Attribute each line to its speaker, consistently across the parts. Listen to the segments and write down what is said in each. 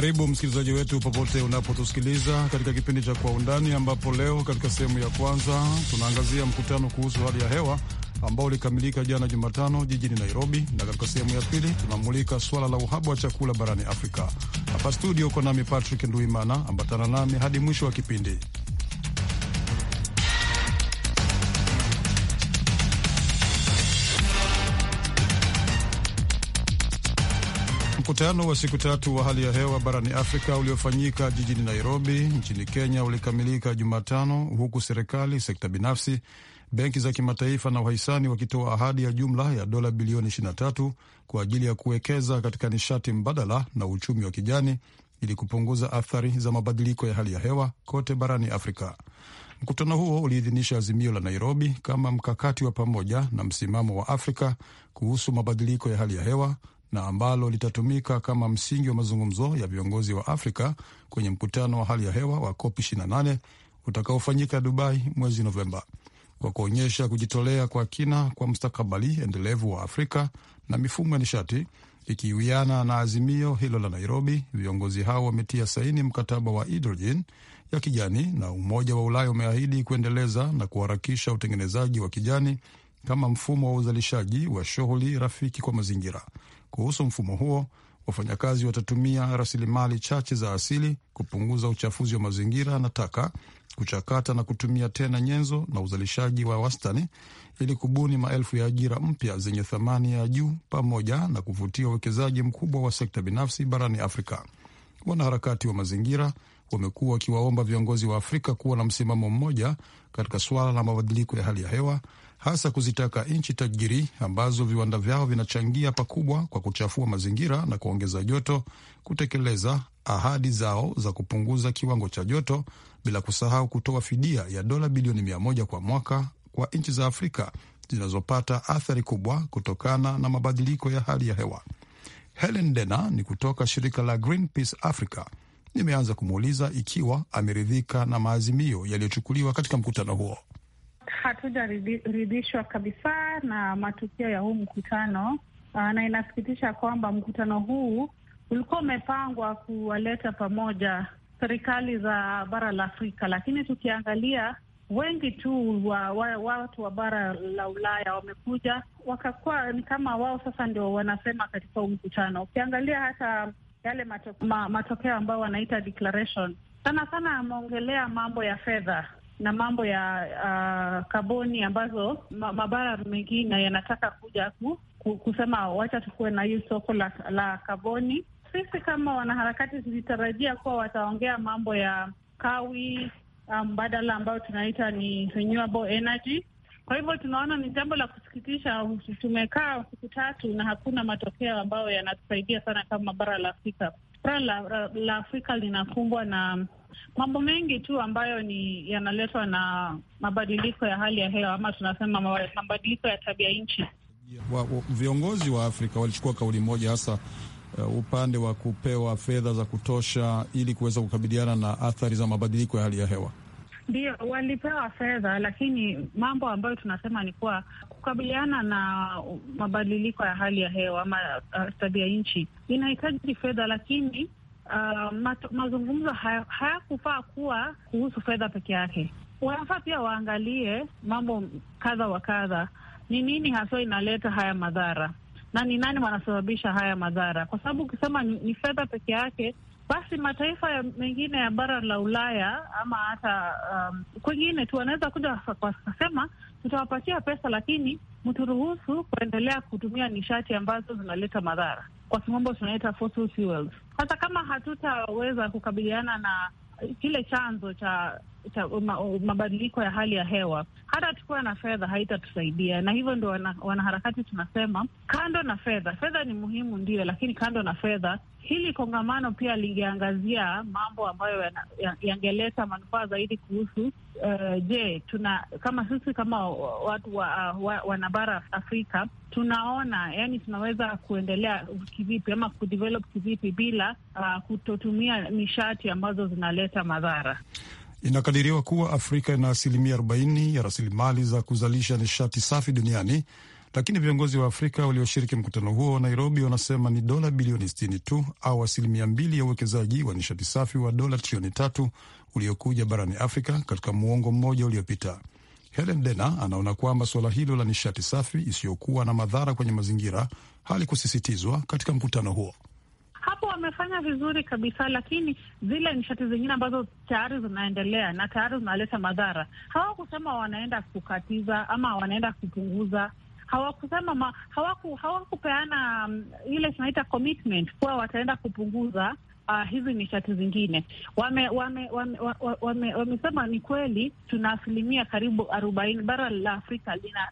Speaker 1: Karibu msikilizaji wetu popote unapotusikiliza katika kipindi cha Kwa Undani, ambapo leo katika sehemu ya kwanza tunaangazia mkutano kuhusu hali ya hewa ambao ulikamilika jana Jumatano jijini Nairobi, na katika sehemu ya pili tunamulika suala la uhaba wa chakula barani Afrika. Hapa studio uko nami Patrick Nduimana, ambatana nami hadi mwisho wa kipindi. Mkutano wa siku tatu wa hali ya hewa barani Afrika uliofanyika jijini Nairobi nchini Kenya ulikamilika Jumatano, huku serikali, sekta binafsi, benki za kimataifa na wahisani wakitoa ahadi ya jumla ya dola bilioni 23 kwa ajili ya kuwekeza katika nishati mbadala na uchumi wa kijani ili kupunguza athari za mabadiliko ya hali ya hewa kote barani Afrika. Mkutano huo uliidhinisha azimio la Nairobi kama mkakati wa pamoja na msimamo wa Afrika kuhusu mabadiliko ya hali ya hewa na ambalo litatumika kama msingi wa mazungumzo ya viongozi wa Afrika kwenye mkutano wa hali ya hewa wa COP 28 utakaofanyika Dubai mwezi Novemba, kwa kuonyesha kujitolea kwa kina kwa mustakabali endelevu wa Afrika na mifumo ya nishati ikiwiana na azimio hilo la Nairobi. Viongozi hao wametia saini mkataba wa hidrojen ya kijani, na Umoja wa Ulaya umeahidi kuendeleza na kuharakisha utengenezaji wa kijani kama mfumo wa uzalishaji wa shughuli rafiki kwa mazingira. Kuhusu mfumo huo, wafanyakazi watatumia rasilimali chache za asili kupunguza uchafuzi wa mazingira na taka, kuchakata na kutumia tena nyenzo na uzalishaji wa wastani, ili kubuni maelfu ya ajira mpya zenye thamani ya juu pamoja na kuvutia uwekezaji mkubwa wa sekta binafsi barani Afrika. Wanaharakati wa mazingira wamekuwa wakiwaomba viongozi wa Afrika kuwa na msimamo mmoja katika suala la mabadiliko ya hali ya hewa hasa kuzitaka nchi tajiri ambazo viwanda vyao vinachangia pakubwa kwa kuchafua mazingira na kuongeza joto kutekeleza ahadi zao za kupunguza kiwango cha joto, bila kusahau kutoa fidia ya dola bilioni mia moja kwa mwaka kwa nchi za Afrika zinazopata athari kubwa kutokana na mabadiliko ya hali ya hewa. Helen Dena ni kutoka shirika la Greenpeace Africa. Nimeanza kumuuliza ikiwa ameridhika na maazimio yaliyochukuliwa katika mkutano huo
Speaker 2: hatujaridhishwa kabisa na matukio ya huu mkutano uh, na inasikitisha kwamba mkutano huu ulikuwa umepangwa kuwaleta pamoja serikali za bara la Afrika, lakini tukiangalia wengi tu wa, wa, watu wa bara la Ulaya wamekuja wakakuwa ni kama wao sasa ndio wanasema katika huu mkutano. Ukiangalia hata yale matokeo ma, matokeo ambayo wanaita declaration, sana sana ameongelea mambo ya fedha na mambo ya uh, kaboni ambazo mabara mengine yanataka kuja ku, ku, kusema wacha tukuwe na hii soko la, la kaboni. Sisi kama wanaharakati tulitarajia kuwa wataongea mambo ya kawi um, mbadala um, ambayo tunaita ni renewable energy. Kwa hivyo tunaona ni jambo la kusikitisha, tumekaa siku tatu na hakuna matokeo ambayo yanatusaidia sana kama bara la Afrika. Bara la, la, la Afrika linakumbwa na mambo mengi tu ambayo ni yanaletwa na mabadiliko ya hali ya hewa ama tunasema mabadiliko ya tabia nchi.
Speaker 1: Viongozi wa Afrika walichukua kauli moja hasa uh, upande wa kupewa fedha za kutosha ili kuweza kukabiliana na athari za mabadiliko ya hali ya hewa.
Speaker 2: Ndio, walipewa fedha, lakini mambo ambayo tunasema ni kuwa kukabiliana na mabadiliko ya hali ya hewa ama uh, tabia nchi inahitaji fedha, lakini uh, mazungumzo hayakufaa haya kuwa kuhusu fedha peke yake. Wanafaa pia waangalie mambo kadha wa kadha, ni nini haswa inaleta haya madhara na ni nani wanasababisha haya madhara, kwa sababu ukisema ni, ni fedha peke yake basi mataifa ya mengine ya bara la Ulaya ama hata um, kwengine tu wanaweza kuja wakasema tutawapatia pesa, lakini mturuhusu kuendelea kutumia nishati ambazo zinaleta madhara kwa kimombo tunaita fossil fuels. Sasa kama hatutaweza kukabiliana na kile chanzo cha mabadiliko ya hali ya hewa, hata tukiwa na fedha haitatusaidia. Na hivyo ndio wana, wanaharakati tunasema kando na fedha, fedha ni muhimu ndio, lakini kando na fedha, hili kongamano pia lingeangazia mambo ambayo yangeleta manufaa zaidi kuhusu Uh, je, tuna kama sisi kama watu wa, wa, wana bara Afrika tunaona yani, tunaweza kuendelea kivipi ama kudevelop kivipi bila uh, kutotumia nishati ambazo zinaleta madhara.
Speaker 1: Inakadiriwa kuwa Afrika ina asilimia 40 ya rasilimali za kuzalisha nishati safi duniani, lakini viongozi wa Afrika walioshiriki mkutano huo wa Nairobi wanasema ni dola bilioni 60 tu au asilimia mbili ya uwekezaji wa nishati safi wa dola trilioni tatu uliokuja barani Afrika katika muongo mmoja uliopita. Helen Dena anaona kwamba suala hilo la nishati safi isiyokuwa na madhara kwenye mazingira halikusisitizwa katika mkutano huo
Speaker 2: hapo wamefanya vizuri kabisa, lakini zile nishati zingine ambazo tayari zinaendelea na tayari zinaleta madhara, hawakusema wanaenda kukatiza ama wanaenda kupunguza hawakusema hawakupeana hawaku um, ile tunaita commitment kuwa wataenda kupunguza uh, hizi nishati zingine. Wamesema wame, wame, wame, wame ni kweli tuna asilimia karibu arobaini, bara la Afrika lina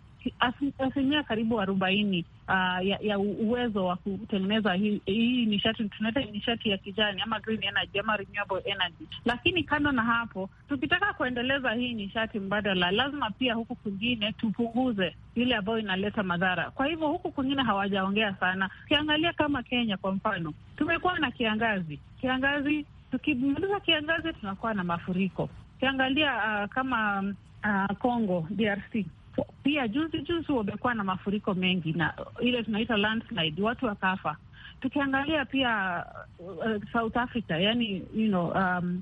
Speaker 2: asilimia karibu arobaini uh, ya, ya uwezo wa kutengeneza hii hi nishati tunaita nishati ya kijani ama green energy ama renewable energy. Lakini kando na hapo, tukitaka kuendeleza hii nishati mbadala, lazima pia huku kwingine tupunguze ile ambayo inaleta madhara. Kwa hivyo huku kwingine hawajaongea sana. Ukiangalia kama Kenya kwa mfano, tumekuwa na kiangazi kiangazi, tukimaliza kiangazi tunakuwa na mafuriko. Ukiangalia uh, kama uh, Congo uh, DRC pia juzi juzi wamekuwa na mafuriko mengi na ile tunaita landslide, watu wakafa. Tukiangalia pia uh, South Africa yani, you know, um,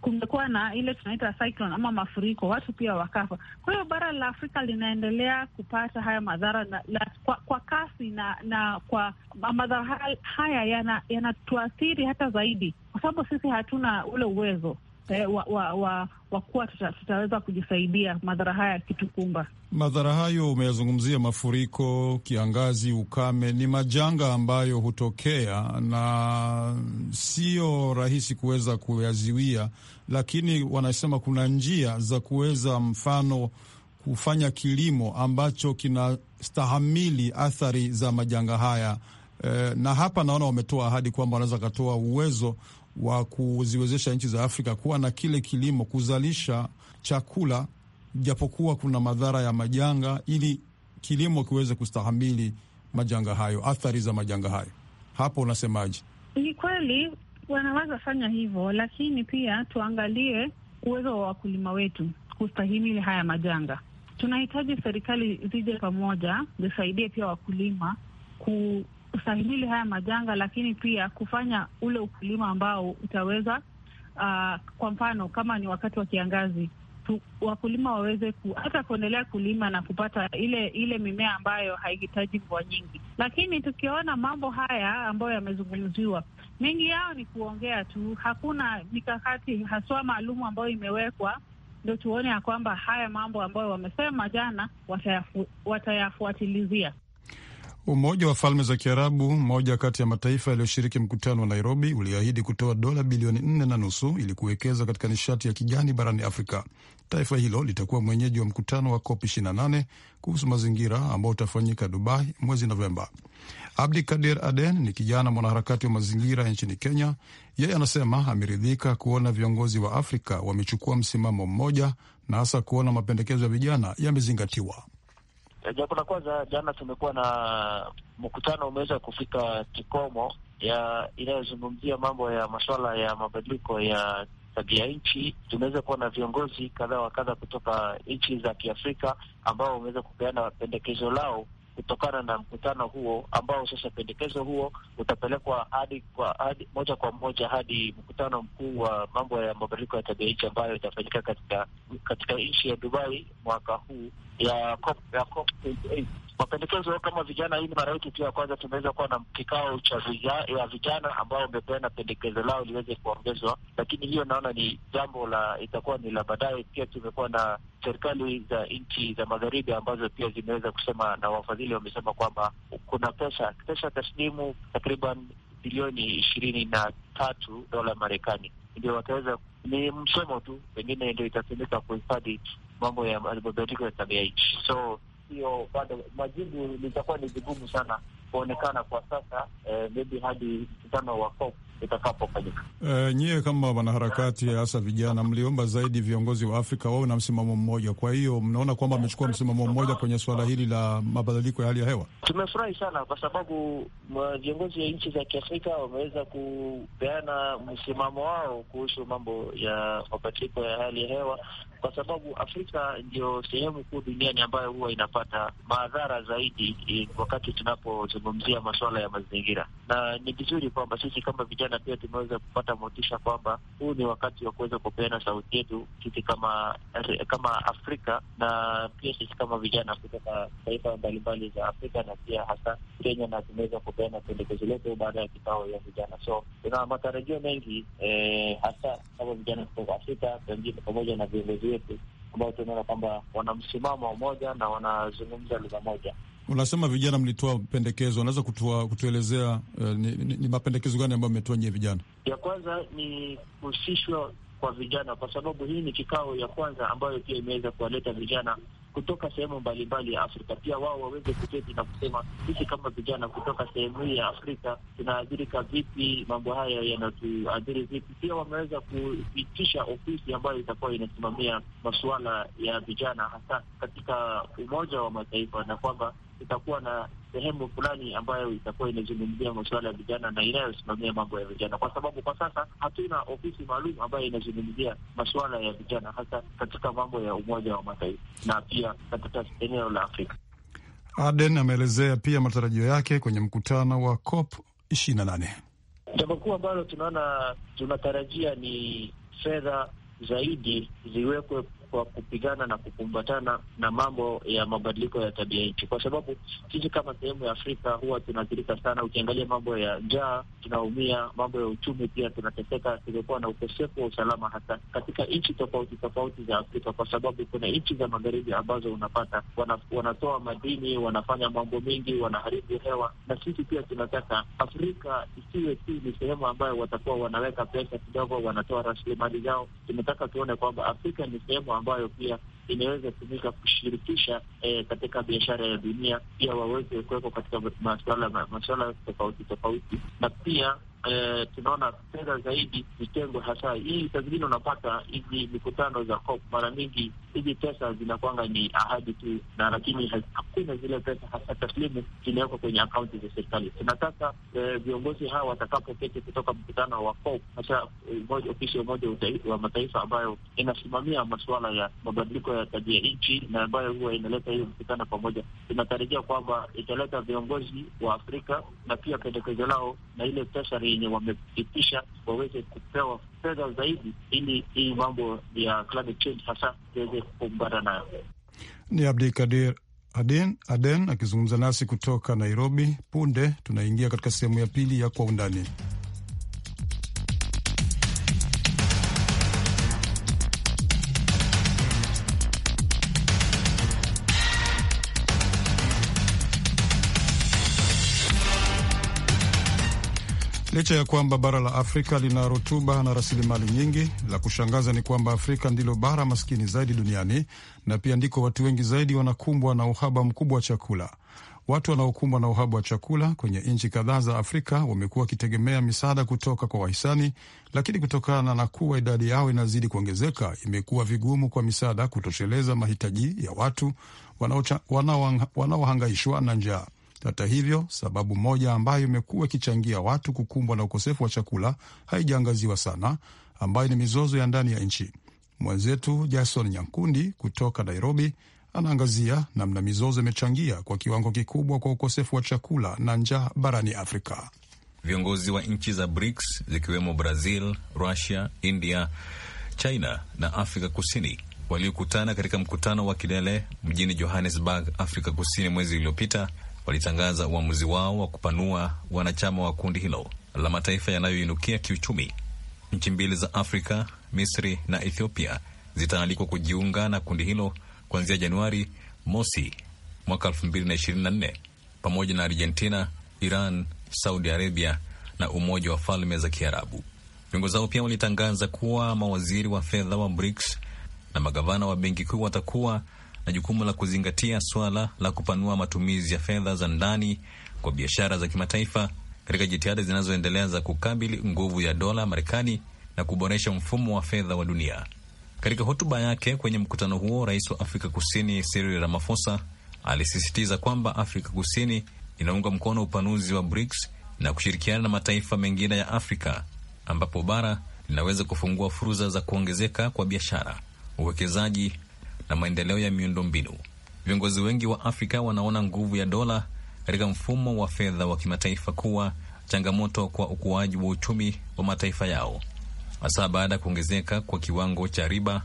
Speaker 2: kumekuwa na ile tunaita cyclone ama mafuriko, watu pia wakafa. Kwa hiyo bara la Afrika linaendelea kupata haya madhara na, la, kwa, kwa kasi na na kwa madhara haya yanatuathiri yana hata zaidi, kwa sababu sisi hatuna ule uwezo eh, wa, wa, wa, wa kuwa tuta, tutaweza kujisaidia madhara haya yakitukumba.
Speaker 1: Madhara hayo umeyazungumzia, mafuriko, kiangazi, ukame, ni majanga ambayo hutokea na sio rahisi kuweza kuyaziwia, lakini wanasema kuna njia za kuweza mfano kufanya kilimo ambacho kinastahamili athari za majanga haya. E, na hapa naona wametoa ahadi kwamba wanaweza wakatoa uwezo wa kuziwezesha nchi za Afrika kuwa na kile kilimo, kuzalisha chakula, japokuwa kuna madhara ya majanga, ili kilimo kiweze kustahamili majanga hayo, athari za majanga hayo. Hapo unasemaje?
Speaker 2: Ni kweli wanaweza fanya hivyo, lakini pia tuangalie uwezo wa wakulima wetu kustahimili haya majanga. Tunahitaji serikali zije pamoja zisaidie pia wakulima ku kustahimili haya majanga, lakini pia kufanya ule ukulima ambao utaweza uh, kwa mfano kama ni wakati wa kiangazi tu, wakulima waweze ku, hata kuendelea kulima na kupata ile ile mimea ambayo haihitaji mvua nyingi. Lakini tukiona mambo haya ambayo yamezungumziwa, mengi yao ni kuongea tu, hakuna mikakati haswa maalumu ambayo imewekwa ndo tuone ya kwamba haya mambo ambayo wamesema jana watayafu, watayafuatilizia.
Speaker 1: Umoja wa Falme za Kiarabu, mmoja kati ya mataifa yaliyoshiriki mkutano wa Nairobi, uliahidi kutoa dola bilioni nne na nusu ili kuwekeza katika nishati ya kijani barani Afrika. Taifa hilo litakuwa mwenyeji wa mkutano wa COP 28 kuhusu mazingira ambao utafanyika Dubai mwezi Novemba. Abdi Kadir Aden ni kijana mwanaharakati wa mazingira nchini Kenya. Yeye anasema ameridhika kuona viongozi wa Afrika wamechukua msimamo mmoja na hasa kuona mapendekezo ya vijana yamezingatiwa.
Speaker 3: Eh, jambo la kwanza, jana tumekuwa na mkutano umeweza kufika kikomo ya inayozungumzia mambo ya masuala ya mabadiliko ya tabia nchi. Tumeweza kuwa na viongozi kadha wa kadha kutoka nchi za Kiafrika ambao wameweza kupeana pendekezo lao kutokana na mkutano huo ambao sasa pendekezo huo utapelekwa hadi kwa hadi moja kwa moja hadi mkutano mkuu wa mambo ya mabadiliko ya tabia nchi ambayo itafanyika katika katika nchi ya Dubai mwaka huu ya COP, ya COP 28 mapendekezo kama vijana. Hii ni mara yetu pia ya kwanza tumeweza kuwa na kikao cha ya vijana ambao wamepeana pendekezo lao liweze kuongezwa, lakini hiyo naona ni jambo la itakuwa ni la baadaye. Pia tumekuwa na serikali za nchi za magharibi ambazo pia zimeweza kusema na wafadhili wamesema kwamba kuna pesa pesa taslimu takriban bilioni ishirini na tatu dola Marekani ndio wataweza, ni msemo tu, pengine ndio itatumika kuhifadhi mambo ya mabadiliko ya
Speaker 1: tabia nchi
Speaker 3: so sio bado, majibu litakuwa ni vigumu sana kuonekana kwa sasa, eh, maybe hadi mkutano wa COP itakapofanyika.
Speaker 1: E, nyie kama wanaharakati hasa vijana mliomba zaidi viongozi wa Afrika wawe na msimamo mmoja. Kwa hiyo mnaona kwamba amechukua msimamo mmoja kwenye suala hili la mabadiliko ya hali ya hewa.
Speaker 4: Tumefurahi sana kwa
Speaker 3: sababu viongozi wa nchi za Kiafrika wameweza kupeana msimamo wao kuhusu mambo ya mabadiliko ya hali ya hewa, kwa sababu Afrika ndio sehemu kuu duniani ambayo huwa inapata madhara zaidi eh, wakati tunapozungumzia masuala ya mazingira, na ni vizuri kwamba sisi kama vijana na pia tumeweza kupata motisha kwamba huu ni wakati wa kuweza kupeana sauti yetu sisi kama kama Afrika na pia sisi kama vijana kutoka taifa mbalimbali za Afrika na pia hasa Kenya, na tumeweza kupeana pendekezo letu baada ya kikao ya vijana. So tuna matarajio mengi eh, hasa kama vijana kutoka Afrika pengine pamoja na viongozi wetu ambao tunaona kwamba wana msimamo moja na wanazungumza lugha moja.
Speaker 1: Unasema vijana mlitoa pendekezo, unaweza kutuelezea uh, ni, ni, ni mapendekezo gani ambayo mmetoa nyie vijana?
Speaker 3: Ya kwanza ni kuhusishwa kwa vijana, kwa sababu hii ni kikao ya kwanza ambayo pia imeweza kuwaleta vijana kutoka sehemu mbalimbali ya Afrika, pia wao waweze kuketi na kusema sisi kama vijana kutoka sehemu hii ya Afrika tunaathirika vipi, mambo haya yanatuathiri vipi. Pia wameweza kuitisha ofisi ambayo itakuwa inasimamia masuala ya vijana hasa katika Umoja wa Mataifa, na kwamba itakuwa na sehemu fulani ambayo itakuwa inazungumzia masuala ya vijana na inayosimamia mambo ya vijana, kwa sababu kwa sasa hatuna ofisi maalum ambayo inazungumzia masuala ya vijana, hasa katika mambo ya Umoja wa Mataifa na pia katika eneo la Afrika.
Speaker 1: Aden ameelezea pia matarajio yake kwenye mkutano wa COP ishirini na nane.
Speaker 3: Jambo kuu ambalo tunaona tunatarajia ni fedha zaidi ziwekwe kwa kupigana na kukumbatana na mambo ya mabadiliko ya tabia nchi, kwa sababu sisi kama sehemu ya Afrika huwa tunaathirika sana. Ukiangalia mambo ya njaa tunaumia, mambo ya uchumi pia tunateseka. Tumekuwa na ukosefu wa usalama hasa katika nchi tofauti tofauti za Afrika, kwa sababu kuna nchi za magharibi ambazo unapata wana, wanatoa madini, wanafanya mambo mengi, wanaharibu hewa, na sisi pia tunataka Afrika isiwe tu ni sehemu ambayo watakuwa wanaweka pesa kidogo, wanatoa rasilimali zao. Tunataka tuone kwamba Afrika ni sehemu ambayo pia inaweza tumika kushirikisha eh, katika biashara ya dunia, pia waweze kuwekwa katika masuala tofauti tofauti, na pia eh, tunaona fedha zaidi zitengwe, hasa hii. Saa zingine unapata hizi mikutano za COP, mara nyingi hizi pesa zinakwanga ni ahadi tu, na lakini hakuna zile pesa hasa taslimu zimewekwa kwenye akaunti za serikali. Tunataka e, viongozi hawa watakapoketi kutoka mkutano wa COP, hasa e, ofisi ya Umoja wa Mataifa ambayo inasimamia masuala ya mabadiliko ya tabia nchi na ambayo huwa inaleta hiyo mkutano pamoja, tunatarajia kwamba italeta viongozi wa Afrika na pia pendekezo lao na ile pesa yenye wamepitisha waweze kupewa fedha zaidi, ili hii mambo ya climate change hasa iweze kukumbana nayo.
Speaker 1: Ni Abdikadir Aden, Aden akizungumza nasi kutoka Nairobi. Punde tunaingia katika sehemu ya pili ya Kwa Undani. Licha ya kwamba bara la Afrika lina rutuba na rasilimali nyingi, la kushangaza ni kwamba Afrika ndilo bara maskini zaidi duniani na pia ndiko watu wengi zaidi wanakumbwa na uhaba mkubwa wa chakula. Watu wanaokumbwa na uhaba wa chakula kwenye nchi kadhaa za Afrika wamekuwa wakitegemea misaada kutoka kwa wahisani, lakini kutokana na kuwa idadi yao inazidi kuongezeka, imekuwa vigumu kwa misaada kutosheleza mahitaji ya watu wanaohangaishwa na njaa. Hata hivyo, sababu moja ambayo imekuwa ikichangia watu kukumbwa na ukosefu wa chakula haijaangaziwa sana, ambayo ni mizozo ya ndani ya nchi. Mwenzetu Jason Nyankundi kutoka Nairobi anaangazia namna mizozo imechangia kwa kiwango kikubwa kwa ukosefu wa chakula na njaa barani Afrika.
Speaker 5: Viongozi wa nchi za BRICS zikiwemo Brazil, Russia, India, China na Afrika Kusini waliokutana katika mkutano wa kilele mjini Johannesburg, Afrika Kusini mwezi uliopita walitangaza uamuzi wao wa kupanua wanachama wa kundi hilo la mataifa yanayoinukia kiuchumi. Nchi mbili za Afrika, Misri na Ethiopia, zitaalikwa kujiunga na kundi hilo kuanzia Januari mosi mwaka 2024 pamoja na Argentina, Iran, Saudi Arabia na Umoja wa Falme za Kiarabu. Viongozi hao pia walitangaza kuwa mawaziri wa fedha wa BRICS na magavana wa benki kuu watakuwa na jukumu la kuzingatia swala la kupanua matumizi ya fedha za ndani kwa biashara za kimataifa katika jitihada zinazoendelea za kukabili nguvu ya dola Marekani na kuboresha mfumo wa fedha wa dunia. Katika hotuba yake kwenye mkutano huo, rais wa Afrika Kusini Cyril Ramaphosa alisisitiza kwamba Afrika Kusini inaunga mkono upanuzi wa BRICS na kushirikiana na mataifa mengine ya Afrika ambapo bara linaweza kufungua fursa za kuongezeka kwa biashara, uwekezaji na maendeleo ya mbinu. Viongozi wengi wa Afrika wanaona nguvu ya dola katika mfumo wa fedha wa kimataifa kuwa changamoto kwa ukuaji wa uchumi wa mataifa yao, hasa baada ya kuongezeka kwa kiwango cha riba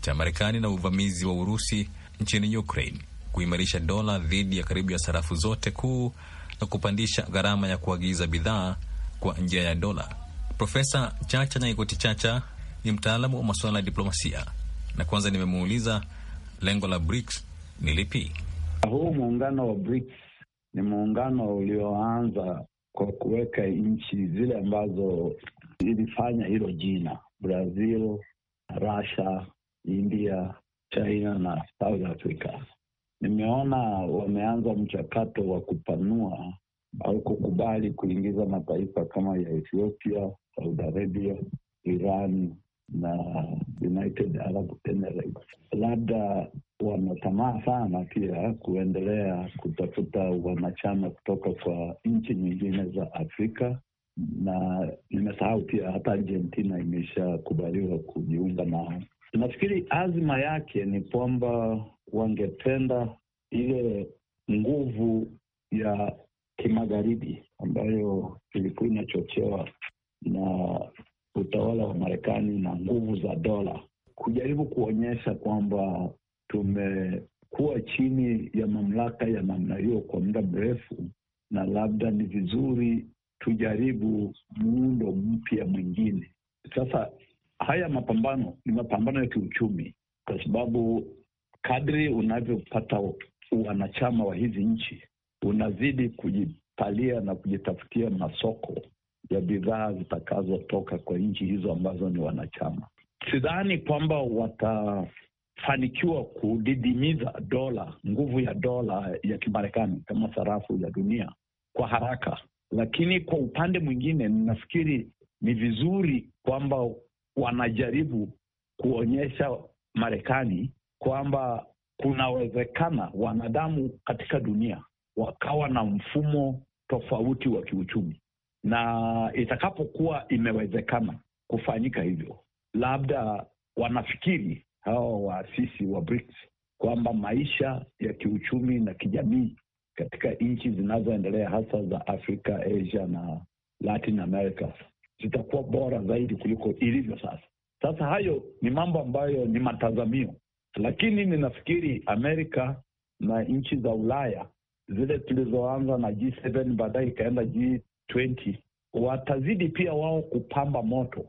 Speaker 5: cha Marekani na uvamizi wa Urusi nchini Ukraine kuimarisha dola dhidi ya karibu ya sarafu zote kuu na kupandisha gharama ya kuagiza bidhaa kwa njia ya dola. Profesa Chacha Nyaigoti Chacha ni mtaalamu wa masuala ya diplomasia, na kwanza nimemuuliza lengo la BRICS ni lipi?
Speaker 6: Huu muungano wa BRICS ni muungano ulioanza kwa kuweka nchi zile ambazo zilifanya hilo jina: Brazil, Russia, India, China na South Africa. Nimeona wameanza mchakato wa kupanua au kukubali kuingiza mataifa kama ya Ethiopia, Saudi Arabia, Iran na United Arab Emirates. Labda wanatamaa sana pia kuendelea kutafuta wanachama kutoka kwa nchi nyingine za Afrika na nimesahau pia hata Argentina imeshakubaliwa kujiunga nao. Nafikiri azma yake ni kwamba wangependa ile nguvu ya kimagharibi ambayo ilikuwa inachochewa na utawala wa Marekani na nguvu za dola, kujaribu kuonyesha kwamba tumekuwa chini ya mamlaka ya namna hiyo kwa muda mrefu, na labda ni vizuri tujaribu muundo mpya mwingine. Sasa haya mapambano ni mapambano ya kiuchumi, kwa sababu kadri unavyopata wanachama wa hizi nchi unazidi kujipalia na kujitafutia masoko ya bidhaa zitakazotoka kwa nchi hizo ambazo ni wanachama. Sidhani kwamba watafanikiwa kudidimiza dola, nguvu ya dola ya Kimarekani kama sarafu ya dunia kwa haraka, lakini kwa upande mwingine, ninafikiri ni vizuri kwamba wanajaribu kuonyesha Marekani kwamba kunawezekana wanadamu katika dunia wakawa na mfumo tofauti wa kiuchumi na itakapokuwa imewezekana kufanyika hivyo, labda wanafikiri hawa waasisi wa BRICS kwamba maisha ya kiuchumi na kijamii katika nchi zinazoendelea hasa za Afrika, Asia na Latin America zitakuwa bora zaidi kuliko ilivyo sasa. Sasa hayo ni mambo ambayo ni matazamio, lakini ninafikiri Amerika na nchi za Ulaya zile tulizoanza na G7 baadaye ikaenda G 20 watazidi pia wao kupamba moto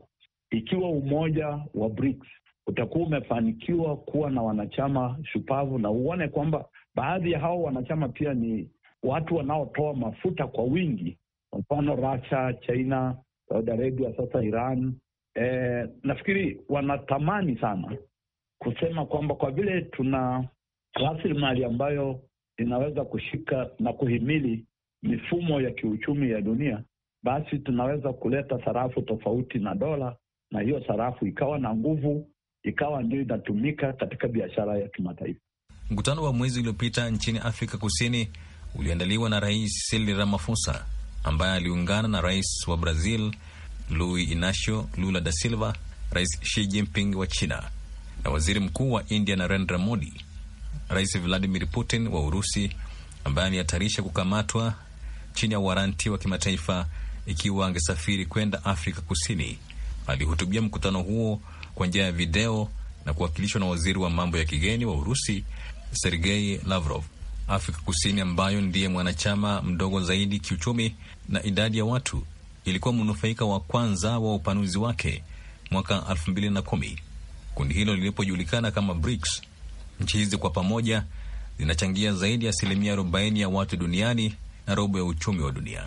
Speaker 6: ikiwa umoja wa BRICS utakuwa umefanikiwa kuwa na wanachama shupavu, na uone kwamba baadhi ya hao wanachama pia ni watu wanaotoa mafuta kwa wingi, kwa mfano Russia, China, Saudi Arabia, sasa Iran. E, nafikiri wanatamani sana kusema kwamba kwa vile tuna rasilimali ambayo inaweza kushika na kuhimili mifumo ya kiuchumi ya dunia, basi tunaweza kuleta sarafu tofauti na dola, na hiyo sarafu ikawa na nguvu, ikawa ndio inatumika katika biashara ya kimataifa.
Speaker 5: Mkutano wa mwezi uliopita nchini Afrika Kusini uliandaliwa na Rais Cyril Ramaphosa ambaye aliungana na rais wa Brazil Luis Inacio Lula da Silva, Rais Xi Jinping wa China na waziri mkuu wa India Narendra Modi. Rais Vladimir Putin wa Urusi ambaye alihatarisha kukamatwa chini ya waranti wa kimataifa ikiwa angesafiri kwenda Afrika Kusini. Alihutubia mkutano huo kwa njia ya video na kuwakilishwa na waziri wa mambo ya kigeni wa Urusi, Sergei Lavrov. Afrika Kusini ambayo ndiye mwanachama mdogo zaidi kiuchumi na idadi ya watu ilikuwa mnufaika wa kwanza wa upanuzi wake mwaka 2010 kundi hilo lilipojulikana kama BRICS. Nchi hizi kwa pamoja zinachangia zaidi ya asilimia 40 ya watu duniani na robo ya uchumi wa dunia.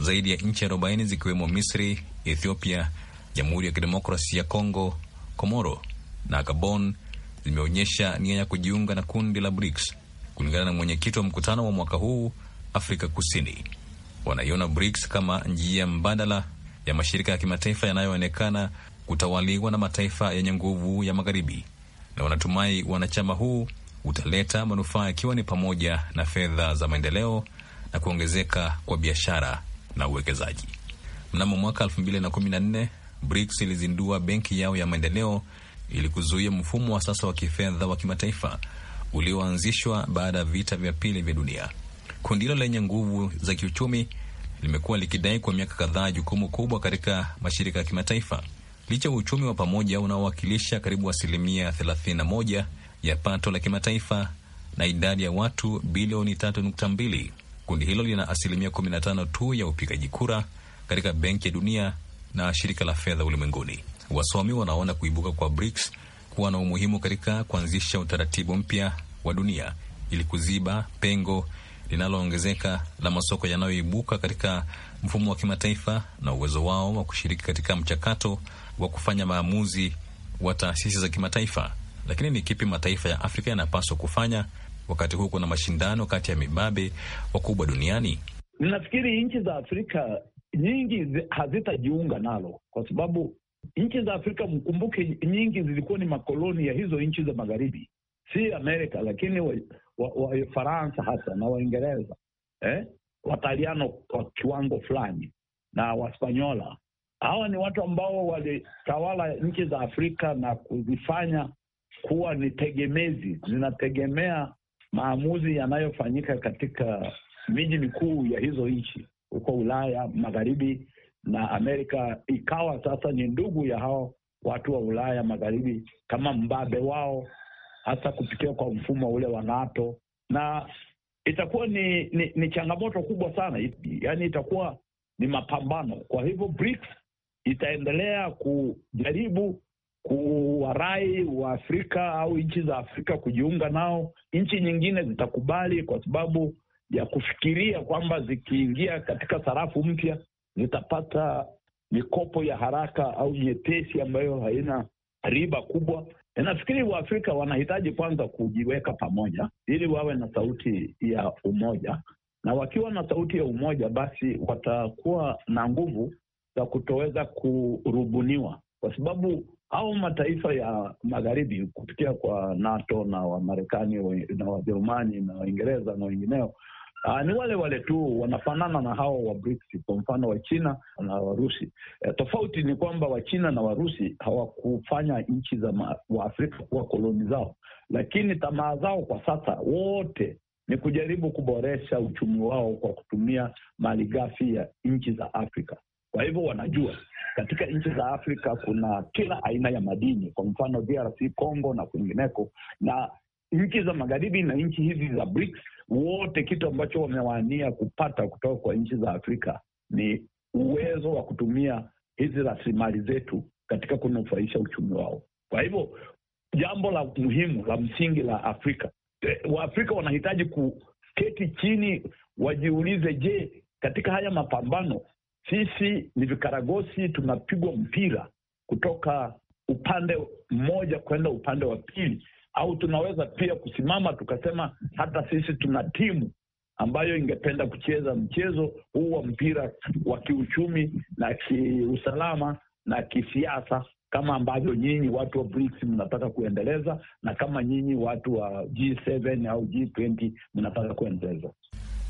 Speaker 5: Zaidi ya nchi arobaini zikiwemo Misri, Ethiopia, Jamhuri ya Kidemokrasi ya Kongo, Komoro na Gabon zimeonyesha nia ya kujiunga na kundi la BRICS. Kulingana na mwenyekiti wa mkutano wa mwaka huu Afrika Kusini, wanaiona BRICS kama njia mbadala ya mashirika ya kimataifa yanayoonekana kutawaliwa na mataifa yenye nguvu ya Magharibi, na wanatumai wanachama huu utaleta manufaa ikiwa ni pamoja na fedha za maendeleo na kuongezeka kwa biashara na uwekezaji. Mnamo mwaka 2014 BRICS ilizindua benki yao ya maendeleo ili kuzuia mfumo wa sasa wa kifedha wa kimataifa ulioanzishwa baada ya vita vya pili vya dunia. Kundi hilo lenye nguvu za kiuchumi limekuwa likidai kwa miaka kadhaa jukumu kubwa katika mashirika ya kimataifa licha ya uchumi wa pamoja unaowakilisha karibu asilimia 31 ya pato la kimataifa na idadi ya watu bilioni 3.2 Kundi hilo lina asilimia 15 tu ya upigaji kura katika Benki ya Dunia na Shirika la Fedha Ulimwenguni. Wasomi wanaona kuibuka kwa BRICS kuwa na umuhimu katika kuanzisha utaratibu mpya wa dunia ili kuziba pengo linaloongezeka la masoko yanayoibuka katika mfumo wa kimataifa na uwezo wao wa kushiriki katika mchakato wa kufanya maamuzi wa taasisi za kimataifa. Lakini ni kipi mataifa ya Afrika yanapaswa kufanya wakati huu kuna mashindano kati ya mibabe wakubwa duniani?
Speaker 6: Ninafikiri nchi za Afrika nyingi hazitajiunga nalo kwa sababu nchi za Afrika, mkumbuke, nyingi zilikuwa ni makoloni ya hizo nchi za magharibi, si Amerika, lakini Wafaransa wa, wa hasa na Waingereza eh? Wataliano kwa kiwango fulani na Waspanyola. Hawa ni watu ambao walitawala nchi za Afrika na kuzifanya kuwa ni tegemezi, zinategemea maamuzi yanayofanyika katika miji mikuu ya hizo nchi huko Ulaya Magharibi na Amerika ikawa sasa ni ndugu ya hao watu wa Ulaya Magharibi kama mbabe wao, hasa kupitia kwa mfumo ule wa NATO, na itakuwa ni, ni, ni changamoto kubwa sana it, yani itakuwa ni mapambano. Kwa hivyo BRICS itaendelea kujaribu kuwarai wa afrika au nchi za Afrika kujiunga nao. Nchi nyingine zitakubali kwa sababu ya kufikiria kwamba zikiingia katika sarafu mpya zitapata mikopo ya haraka au nyepesi ambayo haina riba kubwa. Nafikiri Waafrika wanahitaji kwanza kujiweka pamoja ili wawe na sauti ya umoja, na wakiwa na sauti ya umoja, basi watakuwa na nguvu za kutoweza kurubuniwa, kwa sababu au mataifa ya magharibi kupitia kwa NATO na Wamarekani na Wajerumani na Waingereza na wengineo Uh, ni wale wale tu wanafanana na hao wa BRICS, kwa mfano wa China na Warusi. E, eh, tofauti ni kwamba Wachina na Warusi hawakufanya nchi za Waafrika kuwa koloni zao, lakini tamaa zao kwa sasa wote ni kujaribu kuboresha uchumi wao kwa kutumia mali ghafi ya nchi za Afrika. Kwa hivyo wanajua katika nchi za Afrika kuna kila aina ya madini, kwa mfano DRC Congo na kwingineko, na nchi za magharibi na nchi hizi za BRICS, wote kitu ambacho wamewania kupata kutoka kwa nchi za Afrika ni uwezo wa kutumia hizi rasilimali zetu katika kunufaisha uchumi wao. Kwa hivyo jambo la muhimu la msingi la Afrika, Waafrika wanahitaji kuketi chini, wajiulize, je, katika haya mapambano sisi ni vikaragosi, tunapigwa mpira kutoka upande mmoja kwenda upande wa pili, au tunaweza pia kusimama tukasema hata sisi tuna timu ambayo ingependa kucheza mchezo huu wa mpira wa kiuchumi na kiusalama na kisiasa kama ambavyo nyinyi watu wa BRICS mnataka kuendeleza na kama nyinyi watu wa G7 au G20 mnataka kuendeleza.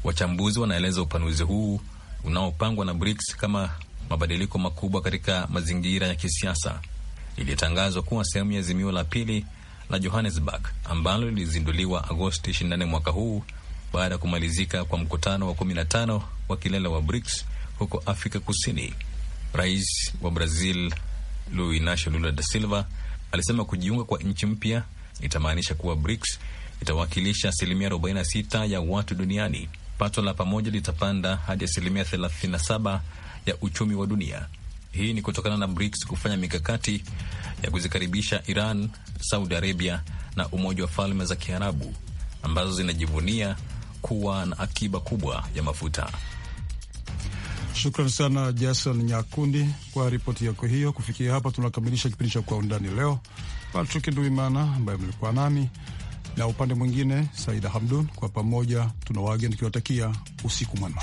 Speaker 5: Wachambuzi wanaeleza upanuzi huu unaopangwa na BRICS kama mabadiliko makubwa katika mazingira ya kisiasa. Ilitangazwa kuwa sehemu ya azimio la pili la Johannesburg ambalo lilizinduliwa Agosti 24 mwaka huu baada ya kumalizika kwa mkutano wa 15 wa kilele wa BRICS huko Afrika Kusini. Rais wa Brazil Luiz Inacio Lula da Silva alisema kujiunga kwa nchi mpya itamaanisha kuwa BRICS itawakilisha asilimia 46 ya watu duniani pato la pamoja litapanda hadi asilimia 37 ya uchumi wa dunia. Hii ni kutokana na BRICS kufanya mikakati ya kuzikaribisha Iran, Saudi Arabia na Umoja wa Falme za Kiarabu ambazo zinajivunia kuwa na akiba kubwa ya mafuta.
Speaker 1: Shukran sana Jason Nyakundi kwa ripoti yako hiyo. Kufikia hapa tunakamilisha kipindi cha Kwa Undani leo. Patrick Nduimana ambaye mlikuwa nami na upande mwingine Saida Hamdun. Kwa pamoja tuna tukiwatakia usiku mwema.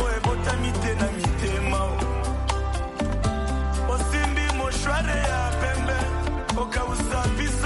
Speaker 4: ngambo ebotami te na ya